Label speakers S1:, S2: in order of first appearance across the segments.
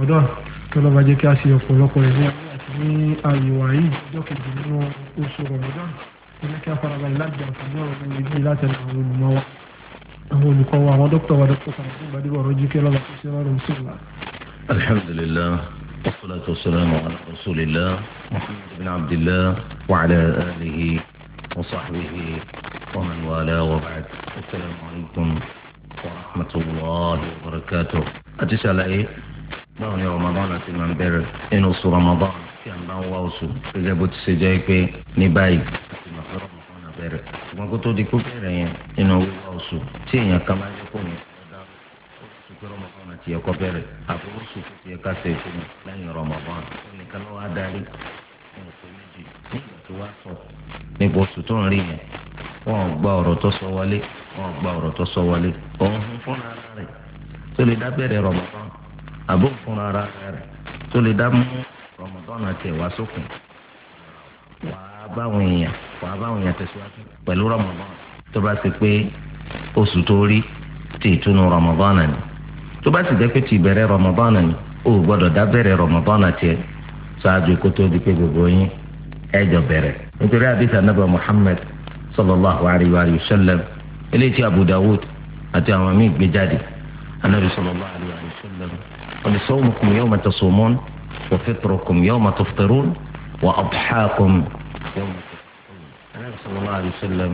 S1: Ramadan tọ́lọ́ bá jẹ́ kí a ṣe ọ̀pọ̀lọpọ̀ ẹ̀mí àti ní ààyè wàyí ọjọ́ kejì nínú oṣù Ramadan tó jẹ́ kí a farabalẹ̀ láti àǹfààní ọ̀rọ̀ kan lè gbé láti àwọn olùmọ̀ wa àwọn olùkọ́ wa àwọn dókítà wa dókítà kan fún gbadébọ̀ ọ̀rọ̀ jí kí ọlọ́ba kó ṣe rọrùn sí wa.
S2: alhamdulilah wasalaatu wasalaamu ala rasulillah muhammad bin abdillah wa ala alihi wa sahbihi wa man wala wa ba'd asalaamu alaykum wa rahmatulah wa barakatuh. àti sàlàyé báwo ni Ramadan ti máa ń bẹ̀rẹ̀ nínú oṣù Ramadan tí a bá ń wá oṣù gẹ́gẹ́ bó ti ṣe jẹ́ pé ní báyìí Ramadan bẹ̀rẹ̀ ṣùgbọ́n kó tó di kó bẹ̀rẹ̀ yẹn nínú wíwá oṣù tí èèyàn kan máa ń kó ní pé Ramadan ti yẹ kó bẹ̀rẹ̀ àfọwọ́sù ti yẹ ká ṣe fún mi lẹ́yìn Ramadan nìkan ló wá darí nígbà tó wá sọ nípa oṣù tó ń rí yẹn wọn ò gba ọ̀rọ̀ tó sọ wọlé wọn ò gba ọ̀rọ̀ tó sọ wọlé òun fúnra rẹ̀ tó lè dábẹ̀rẹ̀ Ramadan àbó fúnra ara rẹ̀ tó lè dá mú rọmọdọ́nà tiẹ̀ wá sókun wàá báwọn èèyàn wàá báwọn èèyàn tẹ̀síwájú pẹ̀lú rọmọdọ́nà tó bá ti pé oṣù tó rí ti ìtúnu rọmọdọ́nà ni tó bá ti jẹ́ pé ti ìbẹ̀rẹ̀ rọmọdọ́nà ni o gbọ́dọ̀ dá rọmọdọ́nà tiẹ̀ ṣáájú kó tó di pé gbogbo yín ẹ bẹ̀rẹ̀ nítorí àdìsí anábà Muhammad sallallahu alayhi wa sallam eléyìí tí النبي صلى الله عليه وسلم wọ́n ní sawmukum yawma tasumun wa fitrukum yawma tuftirun النبي صلى الله عليه وسلم. sallallahu alayhi wa sallam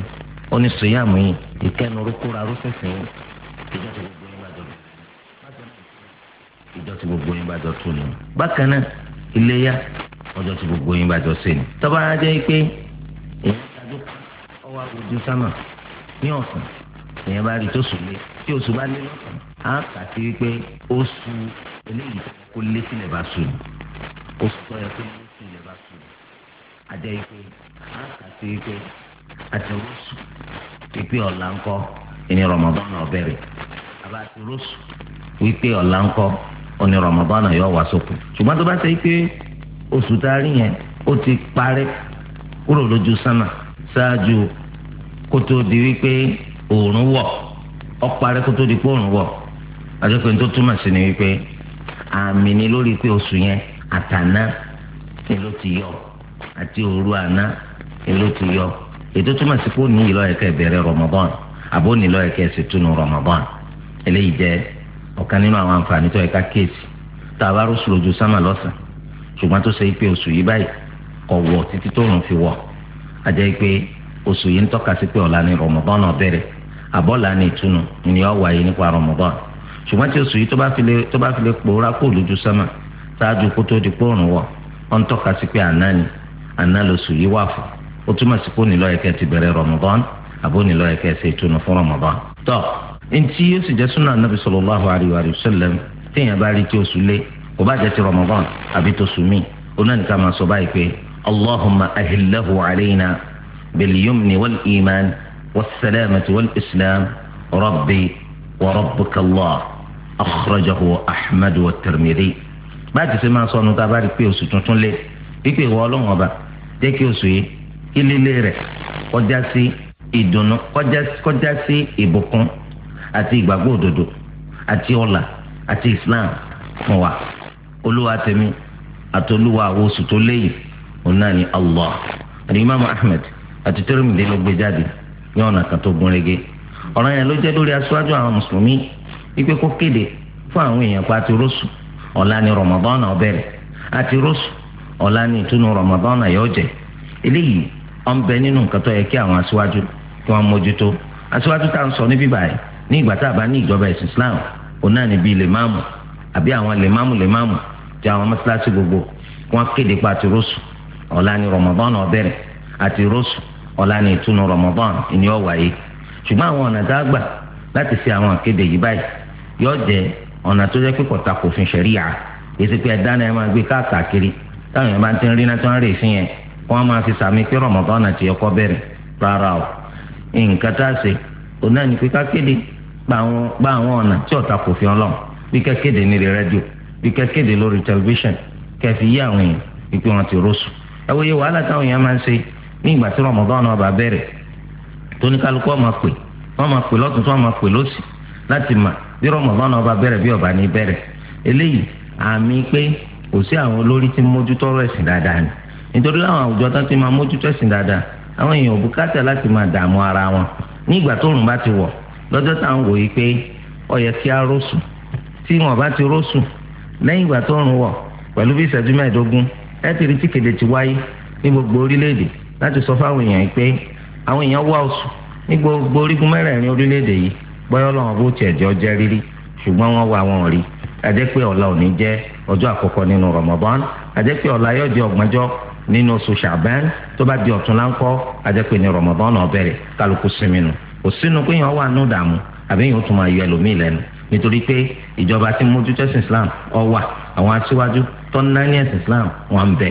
S2: wọ́n ní sèyàmù yìí ìkẹnu rúkúra rúfẹsẹ yìí ìjọ ti gbogbo yín bá dọ̀tun ìjọ gbogbo yín bá dọ̀tun ni bákan náà iléyà gbogbo yín bá jọ ni tọ́ba ajẹ́ pé èyí ń tajú ọwọ́ sámà ní ọ̀sán èèyàn bá rí tó sùn lé tí oṣù bá lé á kà sí wípé oṣù eléyìí kó lé sílẹ̀ bá sùn oṣù tó yẹ kó lé sílẹ̀ bá sùn àjẹ́ ìpè á kà sí wípé àtẹ̀wọ́sù wípé ọ̀la ńkọ́ ìní Ramadan náà bẹ̀rẹ̀ àbá àtẹ̀wọ́sù wípé ọ̀la ńkọ́ ìní Ramadan náà yọ wá sókè ṣùgbọ́n tó bá ṣe pé oṣù tá a rí yẹn ó ti parí kúrò lójú sánà ṣáájú kó di wípé òòrùn wọ̀ ọ̀parí kó tó di pé òòrùn wọ̀ adékòyìn tó túmọ̀ sí ni wípé àmì ni lórí pé oṣù yẹn àtàná ni ti yọ àti òru àná ni ti yọ ètò túmọ̀ sí pé òní yìí lọ́yẹ̀ bẹ̀rẹ̀ nilọ àbó òní lọ́yẹ̀ túnú eléyìí ọ̀kan nínú àwọn àǹfààní tó kéèsì tá a bá lójú sámà lọ́sàn ṣùgbọ́n tó ṣe pé oṣù yìí báyìí wọ̀ títí fi wọ̀ àjẹ́ pé àbọ̀là ní ìtùnú ni ó wáyé nípa Ramadan ṣùgbọ́n tí oṣù yìí tó bá fi lè tó bá fi lè pòórá kó lójú sánmà ṣáájú kó tó di pòórùn wọ̀ ó ń tọ́ka sí pé àná ni àná lóṣù yìí wà fún ó túmọ̀ sí pé onílọ́ ẹ̀kẹ́ ti bẹ̀rẹ̀ Ramadan àbó onílọ́ ẹ̀kẹ́ ṣe ìtùnú fún Ramadan. tọ́ ntí yóò sì jẹ́ súnà nàbì sallallahu alayhi wa sallam والسلامة والإسلام ربي وربك الله أخرجه أحمد والترمذي بعد سما صنو تبارك بيه ستنتون لي بيه والون وبا جيكي وسوي إلي ليري قجاسي ìdùnnú kọjá sí ìbùkún àti ìgbàgbọ́ òdodo àti ọlà àti islam fún wa olúwa tèmi àti olúwa àwọn oṣù tó léyìí òun náà ni allah àti imaamu ahmed àti Tirmidhi ló gbé jáde ní ọ̀nà kan tó gún régé ọ̀ràn yẹn ló jẹ́ lórí aṣáájú àwọn mùsùlùmí wípé kó kéde fún àwọn èèyàn pa àti rọ́ṣù ọ̀la ni Ramadan náà bẹ̀rẹ̀ àti rọ́ṣù ọ̀la ni ìtúnu Ramadan náà jẹ́ eléyìí ọ̀n bẹ nínú nǹkan tó yẹ kí àwọn aṣáájú kí wọ́n mójútó aṣáájú tá à ń sọ ní ìgbà tá a bá ní ìjọba ẹ̀sìn Islam òun náà ọ̀la ní ìtúnu Ramadan ìní ọ̀wà yìí ṣùgbọ́n àwọn ọ̀nà tá a gbà láti ṣe àwọn àkéde yìí báyìí yóò jẹ ọ̀nà tó jẹ́ pé kọ̀tà kò fin ṣẹ̀ríyà èsì pé ẹ̀dá náà máa gbé káàkiri táwọn yẹn bá ti ń rí náà tó ń rè sí yẹn wọ́n máa fi sàmì pé Ramadan àti ẹ̀kọ́ bẹ̀rẹ̀ rárá o nǹkan tá a ṣe òun náà ní pé ká kéde gba àwọn ọ̀nà tí ọ̀tà kò fi ọlọ́run bí ká kéde ní rédíò bí ká kéde lórí tẹlifíṣàn kẹfì yí àwọn ẹ wòye wàhálà táwọn èèyàn máa ń ṣe ní ìgbà tí rọmọdọ́nù ọba bẹ̀rẹ̀ tóníkálukú ọmọ pè wọ́n pè lọ́tún tí wọ́n pè lọ́sì láti mà bí rọmọdọ́nù ọba bẹ̀rẹ̀ bí ọba ní bẹ̀rẹ̀ eléyìí àmì pé kò sí àwọn olórí tí mójútó ẹ̀sìn ti máa mójútó ẹ̀sìn dáadáa àwọn èèyàn ò láti máa dààmú ara wọn ní ìgbà ti wọ̀ lọ́jọ́ táwọn wò yí pé yẹ kí ti lẹ́yìn ìgbà wọ̀ pẹ̀lú bí ìṣẹ́jú mẹ́ẹ̀ẹ́dógún láti sọ fáwọn èèyàn pé àwọn èèyàn wá oṣù ní gbogbo orígun mẹ́rẹ̀ẹ̀rin orílẹ̀-èdè yìí bọ́yọ́ lọ́wọ́ bó tiẹ̀ jọ jẹ́ rírí ṣùgbọ́n wọ́n wá wọn rí àjẹ́ pé ọ̀la òní jẹ́ ọjọ́ àkọ́kọ́ nínú Ramadan àjẹ́ pé ọ̀la yóò di ọgbọ̀njọ́ nínú oṣù Ṣàbán tó bá di ọ̀tún láńkọ́ àjẹ́ pé ní Ramadan náà bẹ̀rẹ̀ kálukú sinmi nù kò sínú pé yẹn wà nù dààmú àbí yẹn ó tún máa yọ ẹlòmíì lẹ́nu nítorí pé ìjọba tí mójútó ẹ̀sìn Islam ó wà àwọn aṣíwájú tó ń náà ní ẹ̀sìn Islam wọn ń bẹ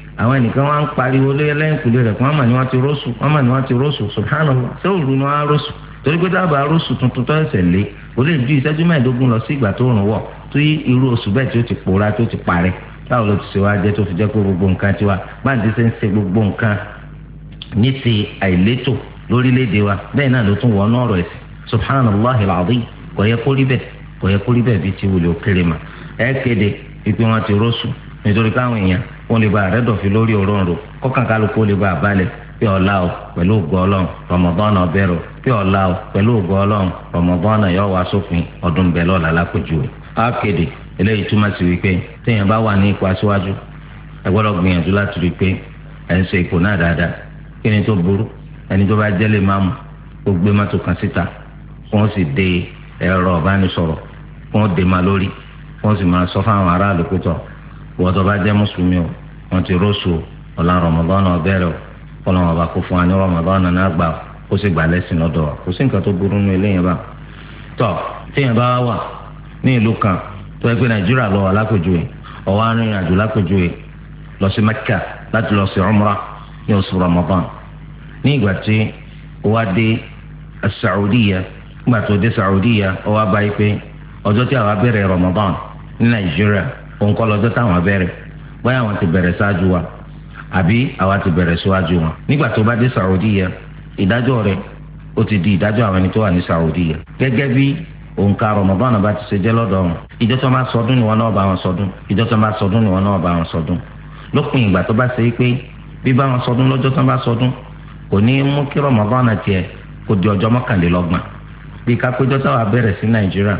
S2: àwọn ẹnìkan wọn ń pariwo lẹ́yìn kùlé rẹ̀ kó wọn mà ní wọn ti rọ́ọ̀sù wọn mà ní wọn ti rọ́ọ̀sù subhanallah ṣé òru ni wọn á rọ́ọ̀sù torí pé dábàá rọ́ọ̀sù tuntun tó ẹsẹ̀ lé O lè ju ìṣẹ́jú mẹ́ẹ̀ẹ́dógún lọ sí ìgbà tó rùn wọ̀ tó yí irú oṣù bẹ́ẹ̀ tí ó ti pòórá tó ti parẹ́ báwo ló ti ṣe wá jẹ́ tó fi jẹ́ pé gbogbo nǹkan tiwa bá ń ti ṣe ń ṣe gbogbo nǹkan ní ti àìlétò lórílẹ̀‐èdè wa bẹ́ẹ̀ náà ló tún wọnú ọ̀rọ̀ ẹ̀sìn subhanallah alazim kò yẹ kó rí bẹ́ẹ̀ kò yẹ kó rí bẹ́ẹ̀ bíi ti wùlé òkèrè mà ẹ̀ kéde ìpín wọn ti rọ́ọ̀sù nítorí káwọn èèyàn wọn lè ba àrẹ́dọ̀fin lórí òróǹro kọ́kàn kálukú lè ba àbálẹ̀ pé ọ̀la o pẹ̀lú ògo ọlọ́run rọmọbọ́nà ọbẹ̀rọ pé ọ̀la o pẹ̀lú ògo ọlọ́run rọmọbọ́nà yóò wá sófin ọdún bẹ́ẹ̀ lọ́la lápèjú o. akéde eléyìí túmọ̀ sí wípé téèyàn bá wà ní ipò aṣíwájú ẹ gbọ́dọ̀ gbìyànjú láti rí i pé ẹ̀ ń ṣe ipò náà dáadáa kí ni tó burú ẹni tó bá jẹ́ lè máa mú kó gbé mọ́tò kan síta wọ́n sì de ẹ̀rọ ọ̀bánisọ̀rọ̀ wọ́n dè má lórí wọ́n sì máa sọ fáwọn aráàlú pé wọ́n tó bá jẹ́ mùsùlùmí o wọ́n ti rọ́ṣù ọ̀la rọmọdọ́nà ọ̀bẹ̀rẹ̀ o kọ́lọ́ wọn bá kó fún wa ní rọmọdọ́nà náà gbà kó sì gbà lẹ́sìn lọ́dọ̀ wa kò sí nǹkan tó burú nínú eléyìí bá tọ́ téèyàn bá wà ní ìlú kan tó ẹgbẹ́ nàìjíríà lọ lọ sí mẹ́kà láti lọ sí ní oṣù ní ìgbà tí wàá dé Saudiya nígbà tó dé ọwọ́ abáyé òǹkọ́ lọ́jọ́ táwọn bẹ̀rẹ̀ bóyá àwọn ti bẹ̀rẹ̀ ṣáájú wa àbí àwa ti bẹ̀rẹ̀ ṣáájú wọn. nígbà tó bá dé Saudi yẹ ìdájọ́ rẹ̀ ó ti di ìdájọ́ àwọn ẹni tó wà ní Saudi yẹ. gẹ́gẹ́ bí òǹkà Ramadan bá ti ṣe jẹ́ lọ́dọ̀ wọn ìjọ tó máa sọdún ni wọn náà bá wọn sọdún ìjọ tó máa sọdún ni wọn náà bá wọn sọdún lópin ìgbà tó bá ṣe pé bí bá wọn sọdún lọ́jọ́ tó bá sọdún kò ní mú kí Ramadan tiẹ̀ kó di ọjọ́ mọ́kànlélọ́gbọ̀n bí kápẹ́jọ́ táwa bẹ̀rẹ̀ sí Nàìjíríà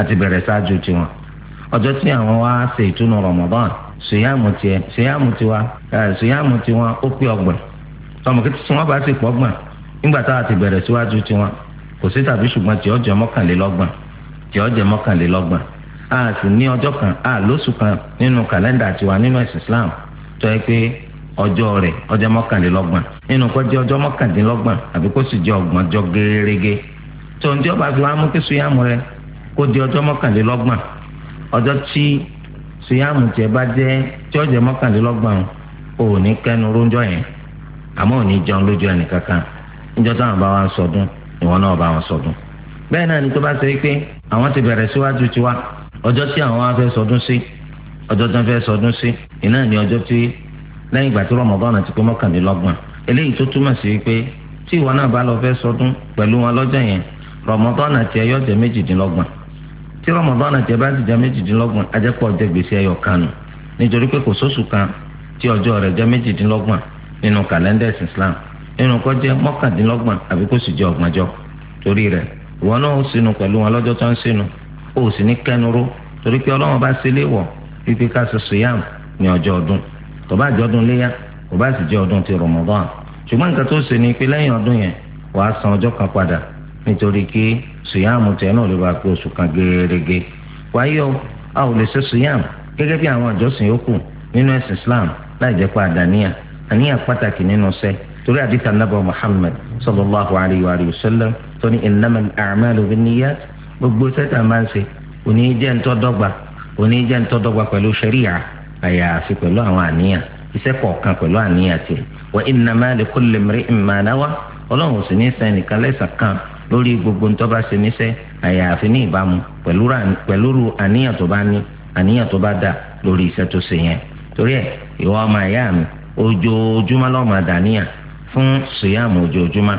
S2: àti bẹ̀rẹ̀ ṣáájú tiwọn ọjọ́ tí àwọn wá ṣe ìtúnu ṣèyàmù tiwa ṣèyàmù ó pé ọgbọ̀n tọmọ kí bá nígbà táwa ti tiwọn kò sí tàbí ṣùgbọ́n tí ọjọ́ a sì ní ọjọ́ kan a lóṣù kan nínú kàlẹ́ndà tiwa nínú ẹ̀sìn Islam tó yẹ pé ọjọ́ rẹ̀ ọjọ́ mọ́kànlélọ́gbọ̀n nínú kó jẹ́ ọjọ́ mọ́kàndínlọ́gbọ̀n àbí kó sì jẹ́ ọgbọ̀n jọ gẹ́gẹ́ tó ń ọjọ́ tí sùyàmù tẹ bá jẹ́ tí ọjọ́ mọ́kàndínlọ́gbọ̀n ò ní kẹ́nu róńjọ́ yẹn àmọ́ ò ní jẹun lójú ẹnì kankan níjọ́ táwọn bá wa ń sọdún ìwọ náà bá wọn sọdún. bẹ́ẹ̀ náà ni tó bá ṣe pé àwọn ti bẹ̀rẹ̀ síwájú tiwa ọjọ́ tí àwọn wá fẹ́ sọdún sí ọjọ́ tí wọ́n fẹ́ sọdún sí iná ni ọjọ́ tí lẹ́yìn ìgbà tí rọmọdún ti pé mọ́kàndínlọ́gbọ̀n eléyìí tó túmọ̀ sí pé tí ìwọ náà bá lọ fẹ́ sọdún pẹ̀lú wọn lọ́jọ́ yẹn rọmọdún àti ẹyọ́jẹ́ méjìdínlọ́gbọ̀n tí rọmọdán àti ẹbá ti jẹ méjìdínlọ́gbọ̀n ajẹ́pọ̀ ọjọ́ gbèsè ẹyọ kanu nítorí pé kò sóṣù kan tí ọjọ́ rẹ̀ jẹ́ méjìdínlọ́gbọ̀n nínú kàlẹ́ndà Islam nínú kó jẹ́ mọ́kàndínlọ́gbọ̀n àbí kó sì jẹ́ ọgbọ̀njọ́ torí rẹ̀ ìwọ náà ó sinú pẹ̀lú wọn lọ́jọ́ tó ń sinú ó sì ní kẹnuró torí pé Ọlọ́run bá ṣe léwọ̀ wípé ká ṣe sùyàm ní ọjọ́ ọdún tó bá jẹ́ ọdún léyà tó bá sì jẹ́ ọdún ti rọmọdán ṣùgbọ́n nǹkan tó nítorí kí sùyàmù tẹ̀ náà ló bá pé oṣù kan gẹ́gẹ́ wáyé o a ò lè ṣe sùyàmù gẹ́gẹ́ bí àwọn àjọsìn yòókù nínú ẹ̀sìn Islam láì jẹ́ pé àdàníyàn àníyàn pàtàkì nínú sẹ́ torí àdìtà nàbà Muhammad sallallahu alayhi wa sallam tó ní innamal a'malu binniyat gbogbo sẹ́tà máa ń ṣe òní jẹ́ ntọ́dọ́gba òní jẹ́ ntọ́dọ́gba pẹ̀lú ṣẹ̀ríyà àyàfi pẹ̀lú àwọn àníyàn iṣẹ́ kọ̀ọ̀kan pẹ̀lú àníyàn tiẹ̀ wa innama likulli imri'in ma nawa ọlọ́run sì ní sẹ́nìkan lẹ́sàn kan lórí gbogbo ń tọ́ba ṣe níṣẹ́ àyàfi ní ìbámu pẹ̀lú àníyàn tó bá ní àníyàn tó bá dà lórí iṣẹ́ tó ṣe yẹn torí ẹ̀ ìwọ ọmọ ìyá mi ojoojúmọ́ lọ́mọ dàníyàn fún ṣìyàmù ojoojúmọ́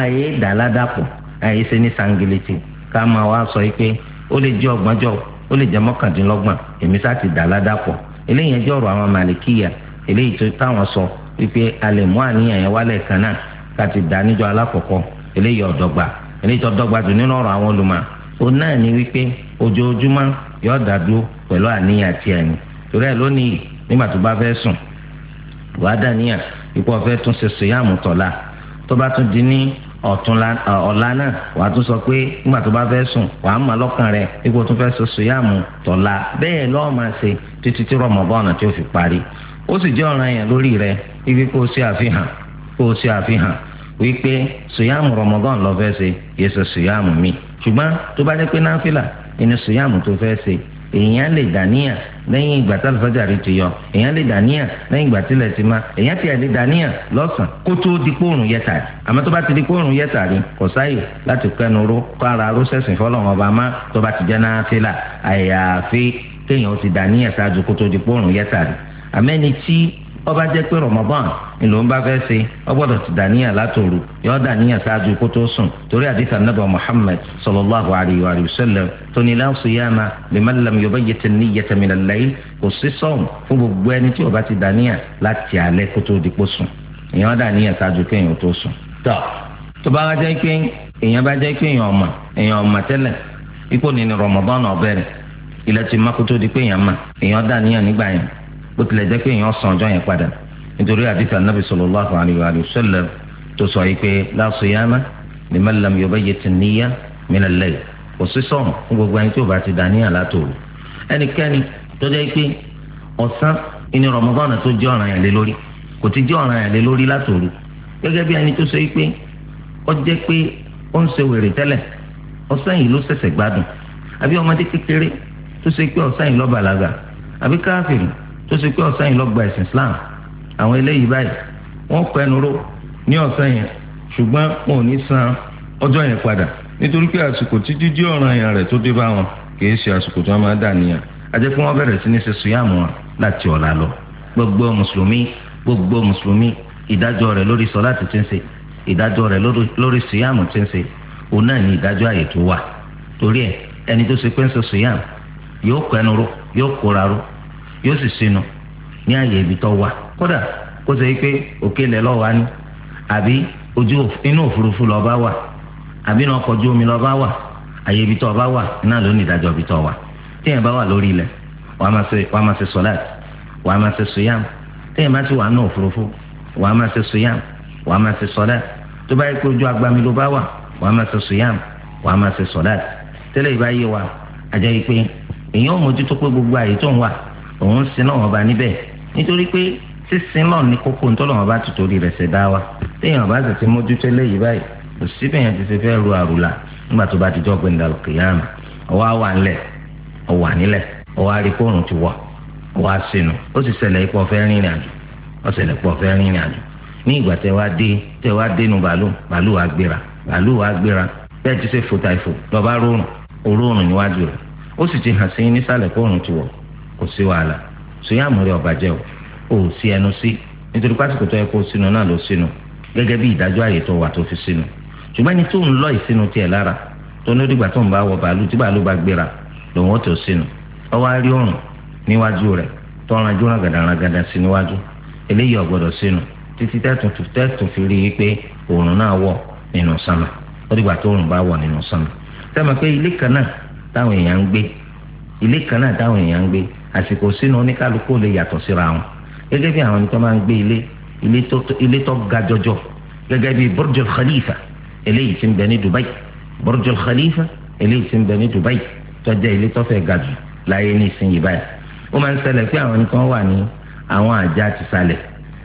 S2: àyè dàládàpọ̀ àyè ṣe ní sangiliti ká máa wá sọ pé ó lè jẹ́ ọgbọ́njọ́ ó lè jẹ́ mọ́kàndínlọ́gbọ̀n èmi sá ti dàládàpọ̀ eléyìí ẹjọ́ àwọn màlìkíyà eléyìí tó táwọn sọ wípé a lè mú àníyàn yẹn wálẹ̀ kan náà ká ti dà níjọ́ alákọ̀ọ́kọ́ eléyìí ọ̀dọ́gba eléyìí tó dọ́gba jù nínú ọ̀rọ̀ àwọn olùmọ̀ òun náà ni wípé ojoojúmọ́ yóò dàdúró pẹ̀lú àníyàn àti ẹ̀yìn torí ẹ̀ lónìí nígbà tó bá fẹ́ sùn wàá dàníyàn ipò ọ̀fẹ́ tún ṣe sòyàmù tọ̀la tó bá tún di ní ọ̀la náà wàá tún sọ pé nígbà tó bá fẹ́ sùn wàá mọ̀ lọ́kàn rẹ̀ ipò tún fẹ́ ṣe sòyàmù tọ̀la bẹ́ẹ̀ lọ́ọ́ máa ṣe títí tí Ramadan tí ó fi parí ó sì jẹ́ ọ̀ranyàn lórí rẹ̀ ibi kó o ṣe àfihàn kó o ṣe àfihàn wípé sùyàmù Ramadan lọ fẹ́ ṣe yẹsọ sùyàmù mi ṣùgbọ́n tó bá dé pé náfìlà ẹni sùyàmù tó fẹ́ ṣe èèyàn lè dàníyà lẹ́yìn ìgbà tí alifájàre ti yọ èèyàn lè dàníyà lẹ́yìn ìgbà tí ilẹ̀ ti ma èèyàn ti lè dàníyà lọ́sàn kó tó di kóòrùn yẹ tàrí àmọ́ tó bá ti di kóòrùn yẹ tàrí kò sáyè láti kẹnu ró kó ara ró sẹ̀sìn fọlọ́run ọba má tó bá ti jẹ́ náfìlà àyàfi kéèyàn ti dàníyà ṣáájú kó tó di kóòrùn yẹ tàrí àmẹ́ni tí ọba jẹ́ pé Ramadan ìlú ń bá fẹ́ ṣe ọgbọ́dọ̀ ti dàníyàn látòru yọ dàníyàn ṣáájú kó tó sùn torí àdìsá nàbà muhammed sallallahu alayhi wa sallam tó ní la siyama lam yubayyit an-niyyata min al kò sí sọ́ọ̀mù fún gbogbo ẹni tí ọba ti dàníyàn láti alẹ́ kó tó dìpọ̀ sùn dàníyàn ṣáájú èèyàn tó sùn. tọ́ tó bá jẹ́ pé èèyàn bá jẹ́ pé èèyàn bó tilẹ̀ jẹ́ pé èèyàn san ọjọ́ yẹn padà nítorí àdìsí anábì sallallahu alayhi wa sallam tó sọ yìí pé la siyama liman lam yubayyit an-niyya min al-layl kò sí sọ̀rọ̀ fún gbogbo ẹni tí ò bá ti dà níyà látòrò ẹnikẹ́ni tó jẹ́ pé ọ̀sán ìní Ramadan tó jẹ́ ọ̀ràn yẹn lé lórí kò ti jẹ́ ọ̀ràn yẹn lé lórí látòrò gẹ́gẹ́ bí ẹni tó sọ yìí pé ó jẹ́ pé ó ń ṣe wèrè tẹ́lẹ̀ ọ̀sán yìí ló ṣẹ̀ṣẹ̀ gbádùn àbí ọmọdé kékeré tó sọ pé ọ̀sán yìí ló bàlágà àbí káfíìn tó ṣe pé ọ̀sán yìí lọ gba ẹ̀sìn Islam àwọn eléyìí báyìí wọ́n pẹnu ró ní ọ̀sán yẹn ṣùgbọ́n wọn ò ní san ọjọ́ yẹn padà nítorí pé àsìkò tí dídí ọ̀ràn yẹn rẹ̀ tó dé bá wọn kìí ṣe àsìkò tí wọ́n máa dà níyàn àjẹ́ pé wọ́n bẹ̀rẹ̀ sí ní ṣe sùyàmù wọn láti ọ̀la lọ gbogbo mùsùlùmí gbogbo mùsùlùmí ìdájọ́ rẹ̀ lórí sọ́láàtì tí ń ṣe ìdájọ́ rẹ̀ lórí sùyàmù tí ń ṣe òun náà ní ìdájọ́ àyè tó wà torí ẹ ẹni tó ṣe pé ń ṣe sùyàmù yóò kẹnu ró yóò kóra ró yóò sì sinu ní àyè ibi tó wà kódà kó sọ pé òkèlè lọ́wọ́ ni àbí ojú inú òfurufú lọ́ba wà àbí inú ọkọ̀ ojú omi lọ́ba wà àyè ibi tó ọba wà náà ló ní ibi tó wà téèyàn bá wà lórí ilẹ̀ wàá máa ṣe sọ́láàtì wàá máa ṣe bá ti wà nù òfurufú wàá máa ṣe sùyàm wàá máa ṣe sọ́láàtì tó bá yẹ kó ojú agbami ló bá wà wàá máa ṣe wa àjẹ́ yìí pé èèyàn ò mójútó pé gbogbo àyè tó òun sin náà wọn nitori níbẹ̀ nítorí pé sísin náà ní kókó wa téèyàn bá sì ti mójútó eléyìí báyìí kò ti ṣe fẹ́ ru àrùlà nígbà tó bá ti jọ́ gbẹ̀ndà kìyàmù ọwọ́ àwà ńlẹ̀ ọwà nílẹ̀ ọwọ́ àríkóòrùn ti wọ̀ ọwọ́ ó sì ṣẹlẹ̀ ipò ọ̀fẹ́ rìnrìn àjò ó ṣẹlẹ̀ ipò ọ̀fẹ́ rìnrìn àjò ní ìgbà wa gbéra bàálù wa gbéra bẹ́ẹ̀ ti ṣe fòtàìfò lọ́ba rọrùn orórùn níwájú rẹ̀ ó sì ti hàn sí nísàlẹ̀ kò sí wàhálà sùyàmù rẹ ọ̀bàjẹ́ o ò sí ẹnu sí nítorí pásítọ̀ tó yẹ kó sínú náà ló sínú gẹ́gẹ́ bí ìdájọ́ àyè tó wà tó fi sínú ṣùgbọ́n ẹni tó ń lọ ìsínú tiẹ̀ lára tó ní onígbà tó ń bá wọ bàálù tí bàálù bá gbéra lòun ó tó sínú ọwọ́ á rí òrùn níwájú rẹ̀ tó ranjú rangadarangada sí níwájú eléyìí ọ̀gbọ́dọ̀ sínú títí tẹ́tù fi rí i pé náà ilé kan náà táwọn èèyàn ń gbé àsìkò sínú oníkálukú lè yàtọ̀ síra wọn gẹ́gẹ́ bí àwọn ẹni tó máa ń gbé ilé ilé tó ga jọjọ gẹ́gẹ́ bí burjul khalifa eléyìí tí ń bẹ ní dubai burjul khalifa eléyìí tí ń bẹ ní dubai tó jẹ́ ilé tó fẹ́ ga jù láyé ní ìsinyìí báyìí ó máa ń ṣẹlẹ̀ pé àwọn ẹni kan wà ní àwọn àjà ti sálẹ̀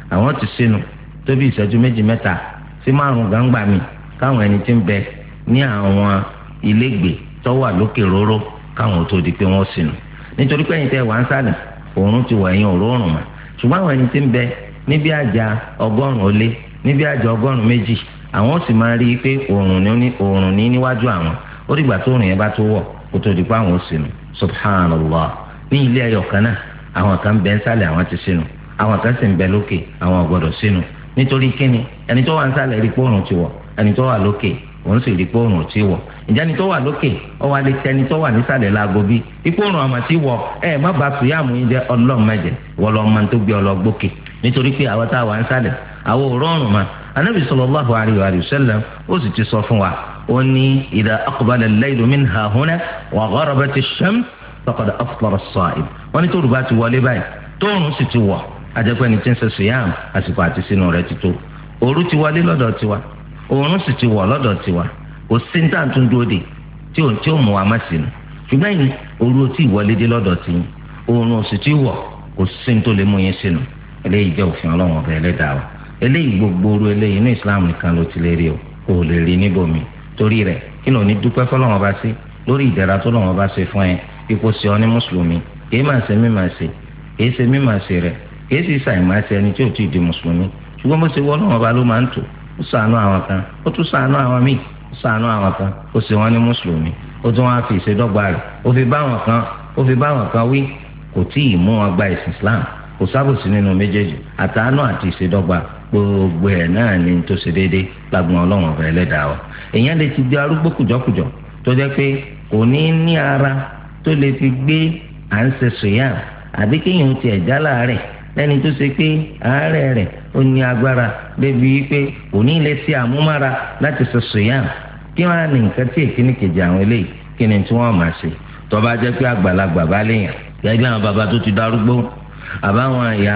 S2: àwọn ti sínú tó bí ìṣẹ́jú méjì mẹ́ta sí márùn gbangba mi káwọn ẹni tí ń bẹ ní àwọn ilégbè tó wà lókè róró káwọn tó di pé wọ́n sinú nítorí pé ẹ̀yin tẹ́ wà ń sálẹ̀ òórùn ti wà ẹ̀yin òórùn mà ṣùgbọ́n àwọn ẹni tí ń bẹ níbi àjà ọgọ́rùn lé níbi àjà ọgọ́rùn méjì àwọn sì máa rí i pé òórùn ní níwájú àwọn ó dìgbà tó òórùn yẹn bá tó wọ̀ kó tó di pé àwọn sinú subhanallah ní ilé ẹyọ kan náà àwọn kan bẹ ń sálẹ̀ àwọn ti sinú àwọn kan sì ń bẹ lókè àwọn ọ̀gbọ́dọ̀ sinú nítorí kíni ẹni tó wà ń sálẹ̀ rí pé òórùn ti wọ̀ ẹni tó wà lókè òun sì rí pé òórùn ti wọ̀ ìjáni tó wà lókè ọ wà lè tẹni tó wà nísàlẹ̀ láago bí ìkórùn àmàtí wọ ẹ má ba sùyàmù yín jẹ ọlọ́mọdé wọlọ́mọ tó gbé ọlọ́gbókè nítorí pé àwọn tá a wà nísàlẹ̀ àwọn òrọ́ọ̀rùn mà anábì sallallahu alaihi wa sallam ó sì ti sọ fún wa ó ní idha aqbala al-laylu min hahuna wa gharabat ash-shams faqad aftara as-sa'im wọ́n ní tóru bá ti wọlé ti wọ̀ ajẹ́pẹ́ni tí kò sí ní tàǹtún dúró de tí ò tí ò mú wa má sí nu ṣùgbọ́n yìí òru ò tí ì wọlé dé lọ́dọ̀ tí oorun oṣù tí ì wọ̀ kò sí ní tó lè mú yín sínú eléyìí jẹ́ òfin ọlọ́run ọ̀bẹ ẹlẹ́dàá wa eléyìí gbogbo oru eléyìí inú islam nìkan ló ti lè rí o kò lè rí níbòmí torí rẹ̀ kí ló ní dúpẹ́ fọlọ́run ọba sí lórí ìdẹ̀ra tó lọ́run ọba ṣe fún ẹ ipò sí ọ ní mùsùlùmí kì í máa ṣe mí máa ṣe kì í ṣe mí máa ṣe rẹ̀ kì í sì ṣàì máa ṣe ẹni tí ò tí ì di mùsùlùmí ṣùgbọ́n bó ṣe wọ́ lọ́run ọba ló máa ń tò ó ṣàánú àwọn kan ó tún ṣàánú àwọn míì sànú àwọn kan ó sì wọn ní mùsùlùmí ó tún wọn fi ìṣèdọ́gba rẹ̀ ó fi bá àwọn kan ó fi bá àwọn kan wí kò tí ì mú wọn gba ìsìn Islam kò sábòsí nínú méjèèjì àtàánú àti ìṣèdọ́gba gbogbo ẹ̀ náà ni tó ṣe déédé lágbọn ọlọ́run ọ̀fẹ́ ẹlẹ́dàá wa èèyàn lè ti di arúgbó kùjọ́kùjọ́ tó jẹ́ pé kò ní ní ara tó lè fi gbé à ń ṣe sòyà àbí kéèyàn ti ẹ̀já láàárẹ̀ lẹ́ni tó ṣe pé àárẹ̀ rẹ̀ ó ní agbára débi wípé kò ní lè ṣe àmúmára láti ṣe sòyà kí wọn á ní nǹkan tí èkíní kejì àwọn eléyìí kí ni tí wọn máa ṣe tó bá jẹ́ pé àgbàlagbà bá léèyàn gẹ́gẹ́ àwọn bàbá tó ti darúgbó àbáwọn ìyá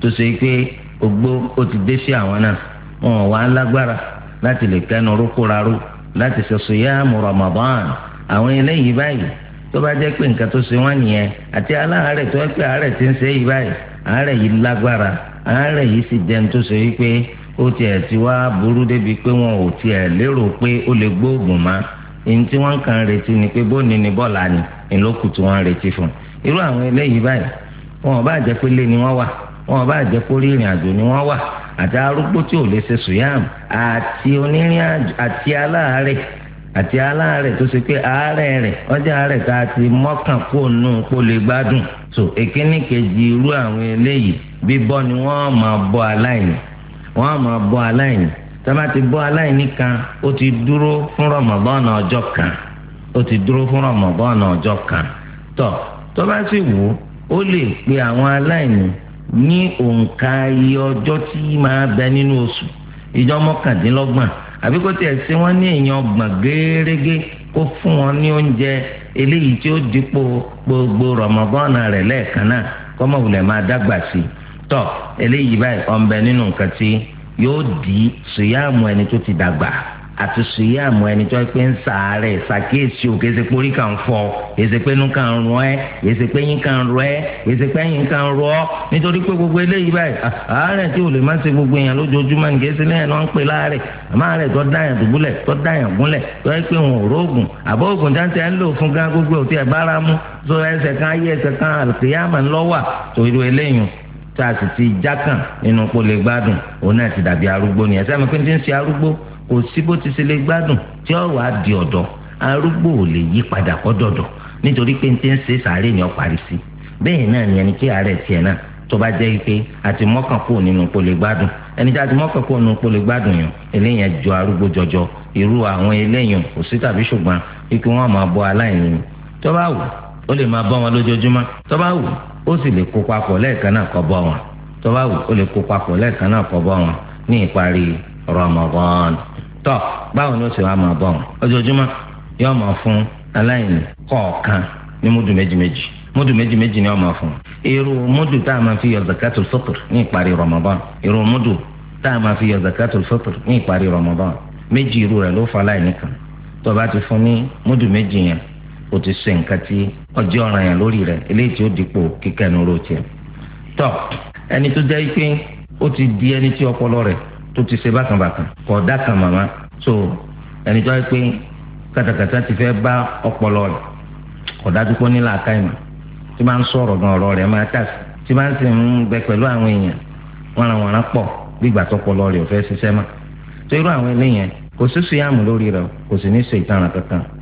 S2: tó ṣe pé ogbó ó ti dé sí àwọn náà wọn wà á lágbára láti lè kẹnu rókúraró láti ṣe sùyàmù Ramadan àwọn eléyìí báyìí tó bá jẹ́ pé nǹkan tó ṣe wọ́n nìyẹn àti aláàárẹ̀ tó wẹ́ pé àárẹ̀ ti ń ṣe yìí báyìí àárẹ̀ yìí lágbára àárẹ̀ yìí sì dẹni tó ṣe wípé ó tiẹ̀ ti wá burú débi pé wọn ò tiẹ̀ lérò pé ó lè gbóògùn mọ́ ẹni tí wọ́n kàn ń retí ni pé bóni ni bọ́ọ̀lù àní ìlókù tí wọ́n ń retí fún irú àwọn eléyìí báyìí wọn ò bá jẹ́ pé lé ni wọ́n wà wọn ò bá jẹ́ pé orí ìrìn àjò ni wọ́n wà àti arúgbó tí ò lè ṣe sùyàm àti onírìn àjò àti aláàárẹ̀ àti aláàárẹ̀ tó ṣe pé àárẹ̀ rẹ̀ ọjà àárẹ̀ tá a ti mọ́kàn kó nù kó lè gbádùn so èkíní kejì irú àwọn eléyìí bíbọ́ ni wọ́n máa bọ́ aláìní wọn a máa bọ aláìní sábà ti bọ aláìní kan ó ti dúró fún rọmọbọ́ọ̀nà ọjọ́ kan ó ti dúró fún ọjọ́ kan tọ́ tó bá sì wò ó lè pe àwọn aláìní ní òǹkà iye ọjọ́ tí máa bẹ nínú oṣù ìjọ mọ́kàndínlọ́gbọ̀n àbí kó tiẹ̀ sí wọ́n ní èèyàn ọgbọ̀n kó fún wọn ní oúnjẹ eléyìí tí ó dípò gbogbo rẹ̀ lẹ́ẹ̀kan náà tọ eléyìí báyìí ọ̀nbẹ nínú nǹkan tí yóò di sùyàmù ẹni tó ti dàgbà àti sùyàmù ẹni tó pé ń sàárẹ̀ ṣàkíyèsí o kì í ṣe pé orí kan fọ́ kì í ṣe pé inú kan rún ẹ́ kì í ṣe pé yín kan rún ẹ́ kì í ṣe pé yín kan rún ọ́ nítorí pé gbogbo eléyìí báyìí àárẹ̀ tí o lè má ṣe gbogbo èèyàn lójoojúmọ́ nìkan ṣe lẹ́yìn náà ń pè láàárẹ̀ àmọ́ àárẹ̀ tó dáyàn dùbúlẹ̀ tó dáyàn gúnlẹ̀ tó yẹ pé wọn ò rógùn àbọ̀ ògùn jáǹtẹ̀ ń lò fún gan gbogbo òtí ẹ̀ bára mú so ẹsẹ̀ kan ayé ẹsẹ̀ kan àlùkìyàmà ńlọ́wà tó irú eléyìí tá a sì ti jákàn nínú kó lè gbádùn òun náà ti dàbí arúgbó ni ẹsẹ mi pé ti ń ṣe arúgbó kò sí bó ti ṣe lè gbádùn tí ó wàá di ọ̀dọ́ arúgbó ò lè yí padà kọ́ dọ̀dọ̀ nítorí pé ti ń ṣe sàárè ni ó parí sí bẹ́ẹ̀ náà ni ẹni tí àárẹ̀ tiẹ̀ náà tó bá jẹ́ pé àti mọ́kàn kúrò nínú kó lè gbádùn ẹni tí a ti mọ́kàn kúrò nínú kó lè gbádùn yàn eléyàn jọ arúgbó jọjọ irú àwọn eléyàn kò sí tàbí ṣùgbọ́n pé kí máa bọ́ aláìní tó bá wù ó lè máa bọ́ wọn lójoojúmọ́ tó bá wù ó sì lè kó papọ̀ lẹ́ẹ̀kan náà kọ́ bọ́ wọn tó bá wù ó lè kó papọ̀ lẹ́ẹ̀kan náà kọ́ bọ́ wọn ní ìparí Ramadan tó báwo ni ó sì wá máa bọ́ wọn ojoojúmọ́ yóò máa fún aláìní kọ̀ọ̀kan ní múdù méjì méjì múdù méjì méjì ni yóò máa fún irú múdù tá a máa fi yọ zakatul fitr ní ìparí Ramadan irú múdù tá a máa fi yọ zakatul fitr ní ìparí Ramadan méjì irú rẹ̀ ló fún aláìní kan tó bá ti fún ní múdù méjì yẹn o ti ṣe nǹkan tí ọjọ́ ọ̀ràn yẹn lórí rẹ̀ eléyìí tí ó dìpọ̀ kíkẹ́nu ró tiẹ̀. tọ́ ẹni tó jẹ́ pé ó ti di ẹni tí ọpọlọ rẹ̀ tó ti ṣe bákànbàkàn kọ̀ ọ̀dà màmá so ẹni tó jẹ́ pé katakata ti fẹ́ bá ọpọlọ rẹ̀ kọ̀ dájú pé ó tí máa ń sọ̀rọ̀ gan ọ̀rọ̀ rẹ̀ máa tà sí tí máa ń sì ń bẹ pẹ̀lú àwọn èèyàn wọn gbígbà tọpọlọ rẹ̀ ò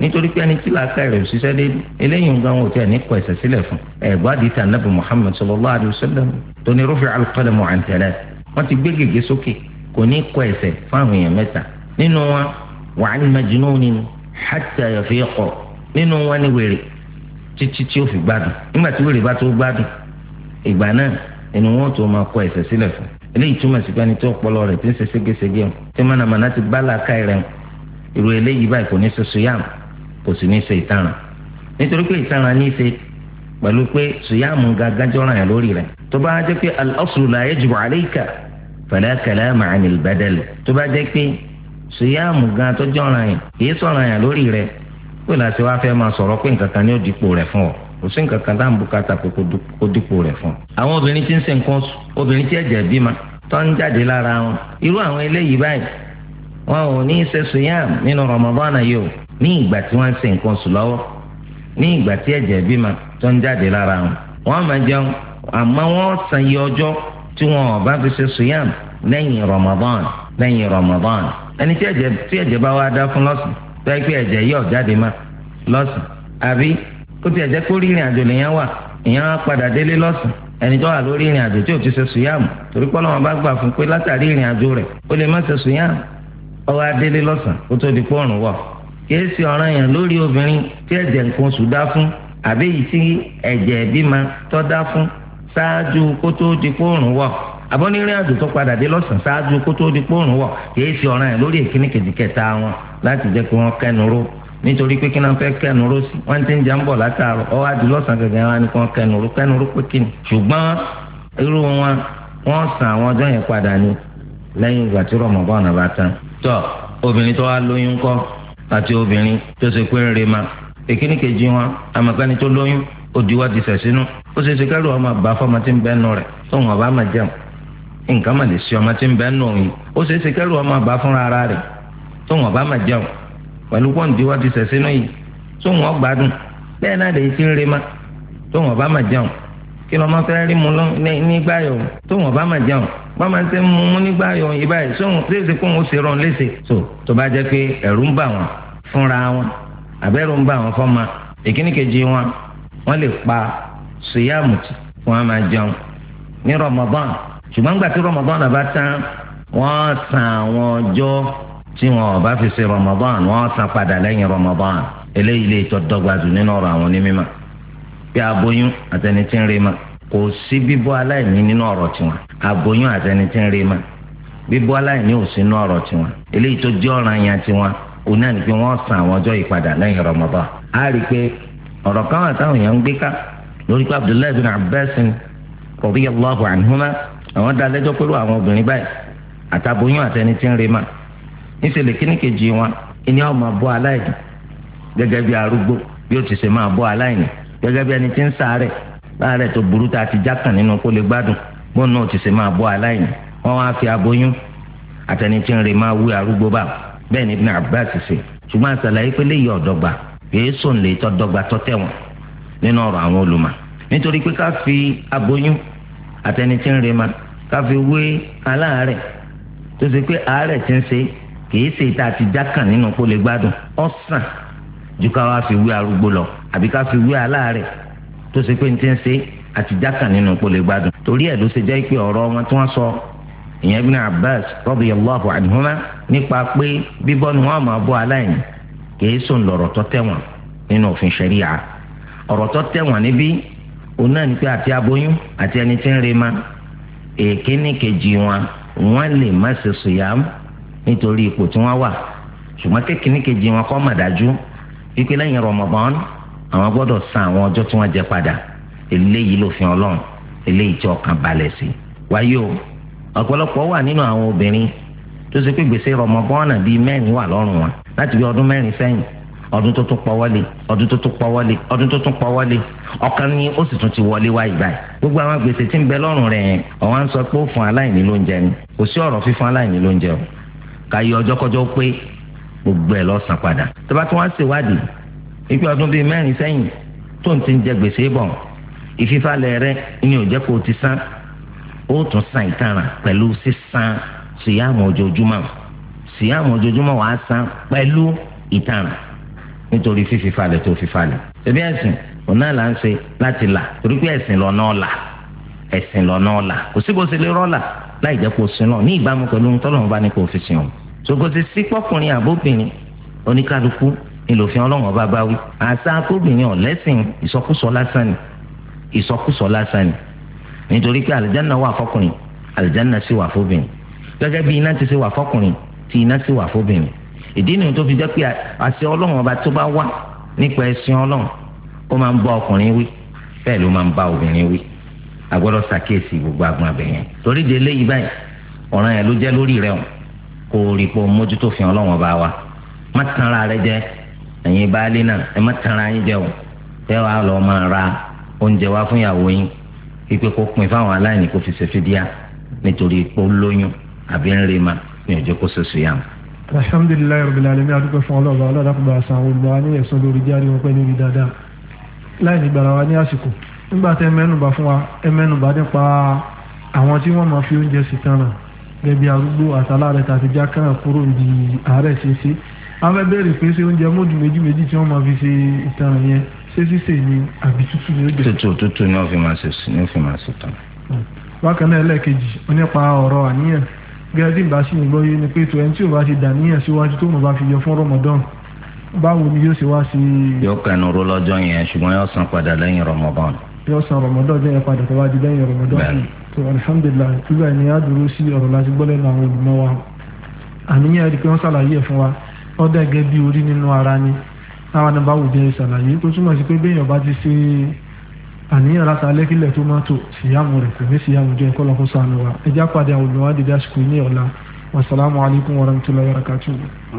S2: nítorí pé ẹni tí làákà rẹ̀ ṣiṣẹ́ déédéé eléyìí ń gan òtí ẹ̀ ní kọ ẹ̀sẹ̀ sílẹ̀ fún ẹ̀gbádìí tà nàbì Muhammad sallallahu alayhi wa sallam tó ní rufi al-qalamu an thalat wọ́n ti gbé gègé sókè kò ní kọ ẹ̀sẹ̀ fáwọn èèyàn mẹ́ta nínú wọn wa an majnunin hatta yafiqa nínú wọn ni wèrè títí tí ó fi gbádùn nígbà tí wèrè bá tó gbádùn ìgbà náà kò sì ní í ṣe ìtaràn nítorí pé ìtaràn ní í ṣe pẹ̀lú pé sùyàmù gangan jọ́ra yẹn lórí rẹ̀ tó bá jẹ́ pé al fala kalama anil tó bá jẹ́ pé sùyàmù gan tó yẹn kì sọ̀ra yẹn lórí rẹ̀ pé láti wá fẹ́ máa sọ̀rọ̀ pé nǹkan kan ní ó dípò rẹ̀ fún ọ kò sí nǹkan kan tá à pé kó dípò rẹ̀ fún ọ. àwọn obìnrin tí ń ṣe nǹkan oṣù obìnrin tí ẹ̀jẹ̀ bímọ tó ń jáde lára ní ìgbà tí wọ́n ń ṣe nǹkan sùn lọ́wọ́ ní ìgbà tí ẹ̀jẹ̀ bímọ tó ń jáde lára wọn. wọ́n máa jẹun àmọ́ wọ́n san iye ọjọ́ tí wọn bá fi ṣe sùyàm lẹ́yìn Ramadan lẹ́yìn Ramadan. ẹni tí ẹ̀jẹ̀ tí ẹ̀jẹ̀ bá wá dá fún lọ́sùn tó yẹ kí ẹ̀jẹ̀ yọ̀ jáde má lọ́sùn. àbí ó ti ẹ̀jẹ̀ kó rí ìrìn àjò lèèyàn wà èèyàn á padà délé lọ́sùn ẹni tó wà lórí ìrìn àjò tí ò ti ṣe sùyàm torí pé Ọlọ́run bá gbà fún pé látàrí ìrìn àjò rẹ̀ ó lè má ṣe sùyàm ó wá délé lọ́sùn ó tó di pọ́ọ̀rùn wọ̀ ka ṣe ọ̀ràn yẹn lórí obìnrin tí ẹ̀jẹ̀ nǹkan oṣù dá fún àbí èyí tí ẹ̀jẹ̀ ìbímọ tó dá fún ṣáájú kó tó di kóòrùn wọ̀ abọ́nirìn àjò tó padà dé lọ́sàn-án ṣáájú kó tó di kóòrùn wọ̀ kìí ṣe ọ̀ràn yẹn lórí èkíní kejì kẹta wọn láti jẹ́ kí wọ́n kẹnu ró nítorí pé kí náà fẹ́ kẹnu ti ń jẹ́ ń bọ̀ ọwọ́ àjò lọ́sàn-án àti obìnrin tó ṣe pé ń re ma èkíní kejì wọn àmọ̀káni tó lóyún òdiwọ́ ti sẹ̀sínú ó ṣe ṣe kẹ́rù ọmọ àbá fọmọ tí ń bẹ́ẹ̀ nù rẹ̀ tóun ọba máa jẹun nǹkan mà lè ṣe ọmọ tí ń bẹ́ẹ̀ nù yìí ó ṣe ṣe kẹ́rù ọmọ àbá fúnra ara rẹ̀ tóun ọba máa jẹun pẹ̀lú pọ́ǹdiwọ́ ti sẹ̀sínú yìí tóun ọgbádùn bẹ́ẹ̀ náà lè ti ń re ma tóun ọba máa jẹun kí lọ́mọ fẹ́ rí mu nígbà yòó tóun ọba máa jẹun wọ́n máa ń tẹ́ mú un nígbà yọ̀ ìbá yìí sóhun léṣe kó òun ṣe rán léṣe. so tó bá jẹ́ pé ẹ̀rù ń bà wọ́n fúnra wọn àbẹ́rù ń bà wọ́n fọ́mọ ìkíní kejì wọn wọ́n lè pa síyàmù tí wọ́n máa jẹun ní Ramadan ṣùgbọ́n nígbà tí Ramadan bá tán wọ́n san àwọn ọjọ́ tí wọn bá fi ṣe Ramadan wọ́n san padà lẹ́yìn Ramadan eléyìí lè tọ́ dọ́gba jù nínú ọ̀rọ̀ àwọn onímọ̀ bí aboyún àtẹnití ń kò sí bíbọ́ aláìní nínú ọ̀rọ̀ tiwọn àbóyún àtẹni tí ń rí ma bíbọ́ aláìní ò sí nínú ọ̀rọ̀ tiwọn eléyìí tó jẹ́ ọ̀ràn yẹn tiwọn òun ni san àwọn ọjọ́ ìpadà lẹ́yìn rọmọbà á rí i pé ọ̀rọ̀ káwọn àtàwọn èèyàn ń gbé ká lórí pé Abdullahi bin Abbas radiyallahu anhuma àwọn dá lẹ́jọ́ pẹ̀lú àwọn obìnrin báyìí àtàbóyún àtẹni tí ń rí ma níṣẹ́ lè kíníkejì wọn ìní àwọn máa aláìní ti ṣe máa aláìní bí ẹni ń láàárẹ̀ tó burú tá a ti jákàn nínú kó lè gbádùn bóun náà ti ṣe máa bọ́ aláìní wọ́n wá fi aboyún àtẹni tí ń rè máa wí arúgbó bá bẹ́ẹ̀ ni Ibn Abbas ṣe ṣùgbọ́n àṣàlàyé pé léyìí ọ̀dọ́gba kìí sùn lè tọ́ dọ́gba tọ́ tẹ̀wọ̀n nínú ọ̀rọ̀ àwọn olùmọ̀ nítorí pé ká fi aboyún àtẹni tí ń rè máa ká fi wé aláàárẹ̀ tó ṣe pé àárẹ̀ ti ń ṣe kìí ṣe tá a ti jákàn nínú kó lè gbádùn ọ̀sán ju ká wá fi wé arúgbó lọ àbí ká fi wé aláàárẹ̀ tó ṣe pé ní ti ń ṣe àtijáka nínú kò lè gbádùn torí ẹ̀ ló ṣe jẹ́ pé ọ̀rọ̀ wọn tí wọ́n sọ ìyẹn Ibn Abbas radiyallahu anhuma nípa pé bíbọ́ ni wọ́n máa bọ́ aláìní kìí sùn lọ̀rọ̀ tó tẹ̀wọ̀n nínú òfin ṣẹ̀ríà ọ̀rọ̀ tó tẹ̀wọ̀n níbí òun náà ní pé àti aboyún àti ẹni tí ń re ma èké ní kejì wọn wọn lè má ṣe sùyàm nítorí ipò tí wọ́n wà ṣùgbọ́n kékeré wọn kọ́ mọ̀ dájú wípé lẹ́yìn Ramadan àwọn gbọ́dọ̀ san àwọn ọjọ́ tí wọ́n jẹ padà eléyìí lòfin ọlọ́run eléyìí tí ọkàn balẹ̀ sí. wáyé o ọ̀pọ̀lọpọ̀ wà nínú àwọn obìnrin tó ṣe pé gbèsè rọmọbọ́ọ̀nà bíi mẹ́rin wà lọ́rùn wọn láti bí ọdún mẹ́rin sẹ́yìn ọdún tó tún pọ́wọ́lé ọdún tó tún pọ́wọ́lé ọdún tó tún pọ́wọ́lé ọ̀kan ni ó sì tún ti wọlé wá ìgbà gbogbo àwọn gbèsè tí ń bẹ lọ́rùn rẹ̀ yẹn ń sọ pé ó fún aláìní lóúnjẹ ni kò sí ọ̀rọ̀ fífún aláìní lóúnjẹ o kàyé ọjọ́kọjọ́ pé gbogbo ẹ̀ lọ́sàn padà tó bá tún wá ṣèwádìí ìpè ọdún bíi mẹ́rin sẹ́yìn tó ń ti ń jẹ gbèsè bọ̀ ìfifalẹ̀ rẹ ni ò jẹ́ kó o ti san ó tún san ìtaràn pẹ̀lú sísan síyàmù ojoojúmọ́ síyàmù ojoojúmọ́ wàá san pẹ̀lú ìtaràn nítorí fífifalẹ̀ tó fifalẹ̀ ṣebí ẹ̀sìn ọ̀nà là ń ṣe láti là torí pé ẹ̀sìn lọ́nà ọ̀la ẹ̀sìn lọ́nà ọ̀la kò sí bó ṣe lè rọ́ọ̀la láì jẹ́ kó o sin náà ní ìbámu pẹ̀lú ohun tọ́lọ́run bá ní kó o fi sin òun ṣòkòtì sí pọ́kùnrin àbóbìnrin oníkálukú ìlòfin ọlọ́run ọba bá wí àṣà akóbìnrin ọ̀lẹ́sìn ìsọkúsọ lásán ni ìsọkúsọ lásán ni nítorí pé àlìjáná wà fọkùnrin àlìjáná sì wà fóbìnrin gẹ́gẹ́ bí iná ti ṣe wà fọkùnrin tí iná sì wà fóbìnrin ìdí nìyẹn tó fi jẹ́ pé àṣẹ ọlọ́run ọba tó bá wà nípa ẹ̀sìn ọlọ́run ó máa ń bá ọkùnrin wí bẹ́ẹ̀ ló máa ń bá obìnrin wí agbọ́dọ̀ ṣàkíyèsí gbogbo agbọn abẹ yẹn torí de eléyìí báyìí ọ̀ràn yẹn ló jẹ́ lórí rẹ̀ o kò rí pé mójútó fi ọlọ́run ọba wa má tanra rẹ jẹ ẹ̀yin baálé náà ẹ má tanra yín jẹ o tẹ́ wàá lọ máa ra oúnjẹ wá fún ìyàwó yín pípé kó pin fáwọn aláìní kó fi ṣe fídíà nítorí pé ó lóyún àbí ń rè ma ní ọjọ́ kó ṣe sùn yàrá.
S1: alhamdulilayi rabil alamin adúgbò fún ọlọ́ọ̀bà ọlọ́ọ̀dà kò bá a san olùbọ̀ wa ní ẹ̀sán lórí jáde wọn pẹ́ lórí dáadáa láì ní gbàrà wa ní àsìkò nígbà tẹ mẹ́nubà fún wa ẹ mẹ́nubà nípa àwọn tí wọ́n máa fi oúnjẹ sí kan rà gẹ́gẹ́ bí arúgbó àtàlárẹ̀ tàbí jákàrà kúrò ní àárẹ̀ ṣeéṣe a fẹ́ bẹ̀rẹ̀ pé ṣé oúnjẹ mọ́jú méjì méjì tí wọ́n máa fi ṣe ìtàn yẹn ṣé sísè ni àbí tútù ni ó jẹ. tútù
S2: tútù ni wọ́n fi máa ṣe ni wọ́n fi máa ṣe tán.
S1: bákan náà ẹlẹ́ẹ̀kejì onípa ọ̀rọ̀ àníyàn gẹ́gẹ́ tí ìbá sì ń gbọ́ yé ni pé tó ẹni tí ò bá ṣe dàníyàn síwájú tó mọ̀ bá fi yọ fún Ramadan báwo ni yóò ṣe wá sí.
S2: yóò kẹnu ró lọ́jọ́ yẹn ṣùgbọ́n yóò san padà lẹ́yìn
S1: Ramadan. yóò san Ramadan jẹ́ padà tó wá di lẹ́yìn Ramadan. bẹ́ẹ̀ni. tó alhamdulilah túbà ni a dúró sí ọ̀rọ̀ láti gbọ́ lẹ́nu àwọn olùmọ̀ wa àníyàn rí pé wọ́n ṣàlàyé ẹ̀ fún wa wọ́n dá gẹ́gẹ́ orí nínú ara ni táwọn náà bá wù bí ẹ ṣàlàyé tó túmọ̀ sí pé béèyàn bá ti ṣe àníyàn láta lẹ́kílẹ̀ tó máa tò síyàmù rẹ̀ kò ní síyàmù jẹ́ ẹ̀kọ́ lọ́kọ́ sànù wa ẹjá padà olùwádìí dásìkò ní ọ̀la wàsálàmù alaykum wa rahmatulahi wa barakatuhu.